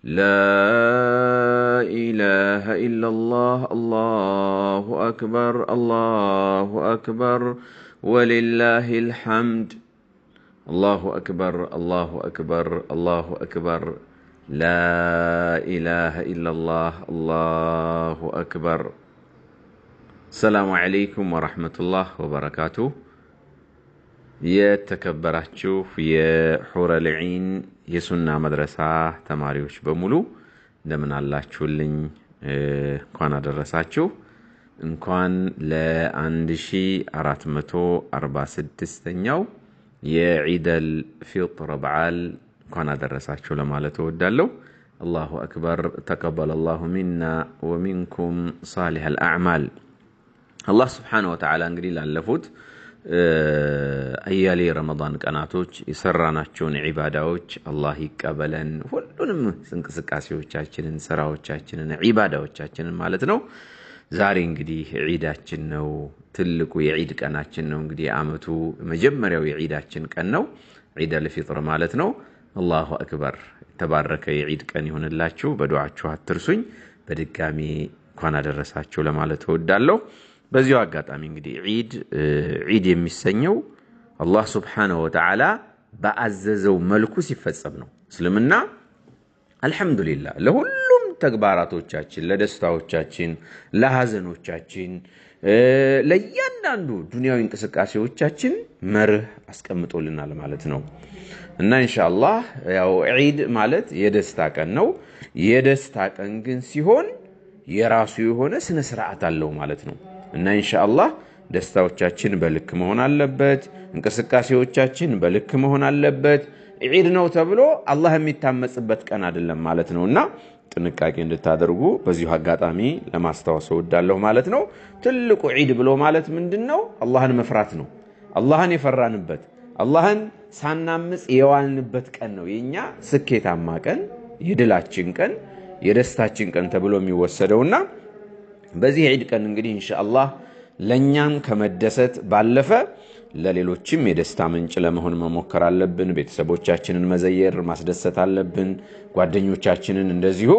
لا إله إلا الله الله أكبر الله أكبر ولله الحمد الله أكبر الله أكبر الله أكبر لا إله إلا الله الله أكبر السلام عليكم ورحمة الله وبركاته يا شوف يا حور العين የሱና መድረሳ ተማሪዎች በሙሉ እንደምን አላችሁልኝ? እንኳን አደረሳችሁ። እንኳን ለ1446ኛው የዒደል ፊጥር በዓል እንኳን አደረሳችሁ ለማለት እወዳለሁ። አላሁ አክበር። ተቀበለ ላሁ ሚና ወሚንኩም ሳሊሕ አዕማል። አላህ ስብሓን ወተላ እንግዲህ ላለፉት አያሌ ረመዳን ቀናቶች የሰራናቸውን ዒባዳዎች አላህ ይቀበለን። ሁሉንም እንቅስቃሴዎቻችንን፣ ስራዎቻችንን፣ ዒባዳዎቻችንን ማለት ነው። ዛሬ እንግዲህ ዒዳችን ነው። ትልቁ የዒድ ቀናችን ነው። እንግዲህ የዓመቱ መጀመሪያው የዒዳችን ቀን ነው። ዒድ አልፊጥር ማለት ነው። አላሁ አክበር። የተባረከ የዒድ ቀን ይሆንላችሁ። በዱዓችሁ አትርሱኝ። በድጋሚ እንኳን አደረሳችሁ ለማለት እወዳለሁ። በዚሁ አጋጣሚ እንግዲህ ዒድ ዒድ የሚሰኘው አላህ ስብሓነሁ ወተዓላ በአዘዘው መልኩ ሲፈጸም ነው። እስልምና አልሐምዱሊላ ለሁሉም ተግባራቶቻችን፣ ለደስታዎቻችን፣ ለሐዘኖቻችን፣ ለእያንዳንዱ ዱንያዊ እንቅስቃሴዎቻችን መርህ አስቀምጦልናል ማለት ነው እና ኢንሻአላህ ያው ዒድ ማለት የደስታ ቀን ነው። የደስታ ቀን ግን ሲሆን የራሱ የሆነ ስነ ስርዓት አለው ማለት ነው። እና ኢንሻአላህ ደስታዎቻችን በልክ መሆን አለበት። እንቅስቃሴዎቻችን በልክ መሆን አለበት። ዒድ ነው ተብሎ አላህ የሚታመጽበት ቀን አይደለም ማለት ነው እና ጥንቃቄ እንድታደርጉ በዚሁ አጋጣሚ ለማስታወስ እወዳለሁ ማለት ነው። ትልቁ ዒድ ብሎ ማለት ምንድን ነው? አላህን መፍራት ነው። አላህን የፈራንበት አላህን ሳናምጽ የዋልንበት ቀን ነው የእኛ ስኬታማ ቀን፣ የድላችን ቀን፣ የደስታችን ቀን ተብሎ የሚወሰደውና በዚህ የዒድ ቀን እንግዲህ ኢንሻአላህ ለእኛም ከመደሰት ባለፈ ለሌሎችም የደስታ ምንጭ ለመሆን መሞከር አለብን። ቤተሰቦቻችንን መዘየር ማስደሰት አለብን። ጓደኞቻችንን እንደዚሁ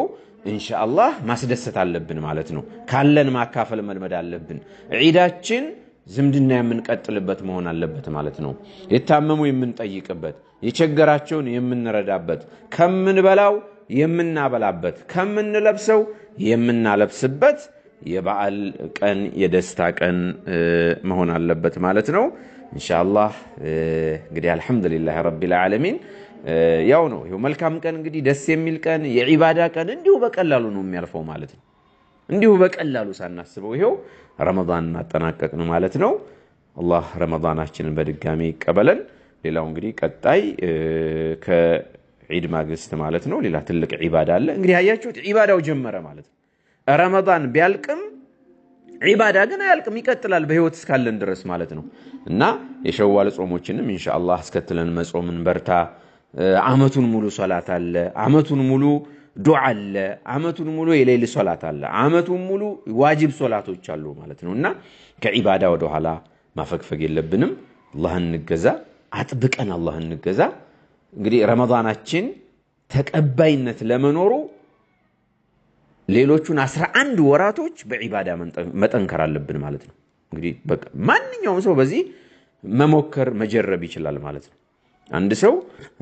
እንሻአላህ ማስደሰት አለብን ማለት ነው። ካለን ማካፈል መልመድ አለብን። ዒዳችን ዝምድና የምንቀጥልበት መሆን አለበት ማለት ነው። የታመሙ የምንጠይቅበት፣ የቸገራቸውን የምንረዳበት፣ ከምንበላው የምናበላበት፣ ከምንለብሰው የምናለብስበት የበዓል ቀን የደስታ ቀን መሆን አለበት ማለት ነው። ኢንሻአላህ እንግዲህ አልሐምዱሊላህ ረቢል ዓለሚን ያው ነው ይኸው መልካም ቀን እንግዲህ ደስ የሚል ቀን የዒባዳ ቀን እንዲሁ በቀላሉ ነው የሚያልፈው ማለት ነው። እንዲሁ በቀላሉ ሳናስበው ይኸው ረመዳን እናጠናቀቅን ማለት ነው። አላህ ረመዳናችንን በድጋሚ ይቀበለን። ሌላው እንግዲህ ቀጣይ ከዒድ ማግስት ማለት ነው ሌላ ትልቅ ዒባዳ አለ። እንግዲህ አያችሁት ዒባዳው ጀመረ ማለት ነው። ረመዳን ቢያልቅም ዒባዳ ግን አያልቅም፣ ይቀጥላል በህይወት እስካለን ድረስ ማለት ነው። እና የሸዋል ጾሞችንም ኢንሻአላህ አስከትለን መጾምን በርታ። አመቱን ሙሉ ሶላት አለ፣ አመቱን ሙሉ ዱዓ አለ፣ አመቱን ሙሉ የሌሊ ሶላት አለ፣ አመቱን ሙሉ ዋጅብ ሶላቶች አሉ ማለት ነው። እና ከዒባዳ ወደኋላ ማፈግፈግ የለብንም። አላህን እንገዛ፣ አጥብቀን አላህን እንገዛ። እንግዲህ ረመዳናችን ተቀባይነት ለመኖሩ ሌሎቹን አስራ አንድ ወራቶች በዒባዳ መጠንከር አለብን ማለት ነው። እንግዲህ በቃ ማንኛውም ሰው በዚህ መሞከር መጀረብ ይችላል ማለት ነው። አንድ ሰው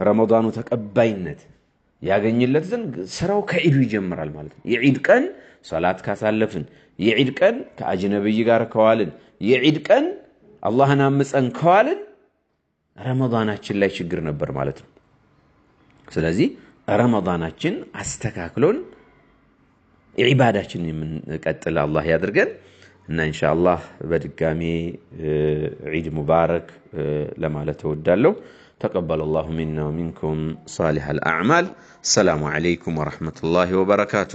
ረመዳኑ ተቀባይነት ያገኝለት ዘንድ ስራው ከዒዱ ይጀምራል ማለት ነው። የዒድ ቀን ሰላት ካሳለፍን፣ የዒድ ቀን ከአጅነብይ ጋር ከዋልን፣ የዒድ ቀን አላህን አምፀን ከዋልን ረመዳናችን ላይ ችግር ነበር ማለት ነው። ስለዚህ ረመዳናችን አስተካክሎን ዒባዳችን የምንቀጥል አላህ ያድርገን እና ኢንሻአላህ በድጋሚ ዒድ ሙባረክ ለማለት እወዳለሁ። ተቀበለ ላሁ ሚና ወሚንኩም ሳሊሐል አዕማል። ሰላሙ ዓለይኩም ወረሕመቱላሂ ወበረካቱ።